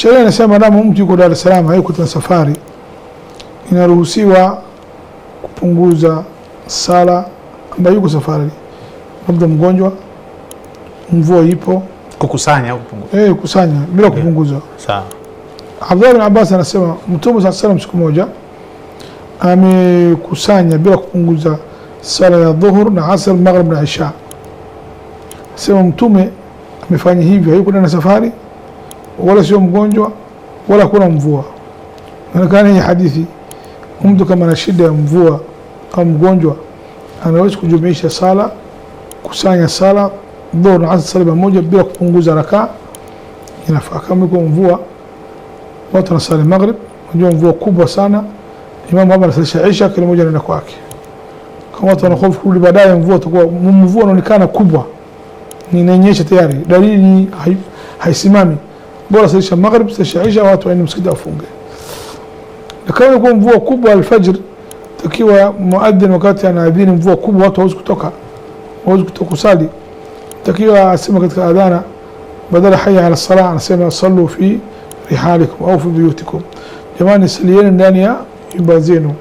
Sheria inasema damu mtu yuko Dar es Salaam hayuko tena safari, inaruhusiwa kupunguza sala ambayo yuko safari, labda mgonjwa, mvua ipo, kukusanya au kupunguza, eh, kukusanya bila okay, eh, kupunguza. Sawa. Abdullah bin Abbas anasema Mtume saa salam siku moja amekusanya bila kupunguza sala ya dhuhur na asr, maghrib na isha. Sema Mtume amefanya hivyo, hayuko tena safari wala sio mgonjwa wala kuna mvua. Inaonekana hii hadithi, mtu kama ana shida ya mvua au mgonjwa, anaweza kujumuisha sala, kusanya sala dhuhur na asr, sala moja bila kupunguza rakaa. Inafaa kama iko mvua, watu wanasali maghrib, unajua mvua kubwa sana, imamu hapa anasalisha isha, kila mmoja anaenda kwake. Kama watu wanahofu kurudi baadaye, mvua itakuwa mvua inaonekana kubwa, ni inanyesha tayari, dalili haisimami hai bora salisha maqrib salisha cisha watu wa in msikiti afunge lakini kwa mvua kubwa alfajr takiwa muadhin wakati anaadhini mvua kubwa watu hawezi kutoka hawezi kutoka kusali takiwa asema katika adhana badala haya ala sala anasema sallu fi rihalikum au fi buyutikum jamani salieni ndani ya nyumba zenu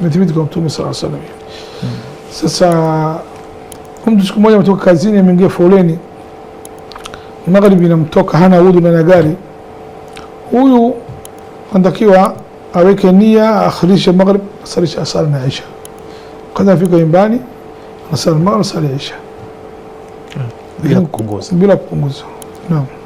imethibitika kwa mtume sala salam sasa mtu siku moja ametoka kazini ameingia foleni magharibi inamtoka, hana udhu na gari, huyu anatakiwa aweke nia, aakhirishe magharibi, asalisha asali na isha. Kwanza afika nyumbani asali magharibi, asali isha bila kupunguza. Naam.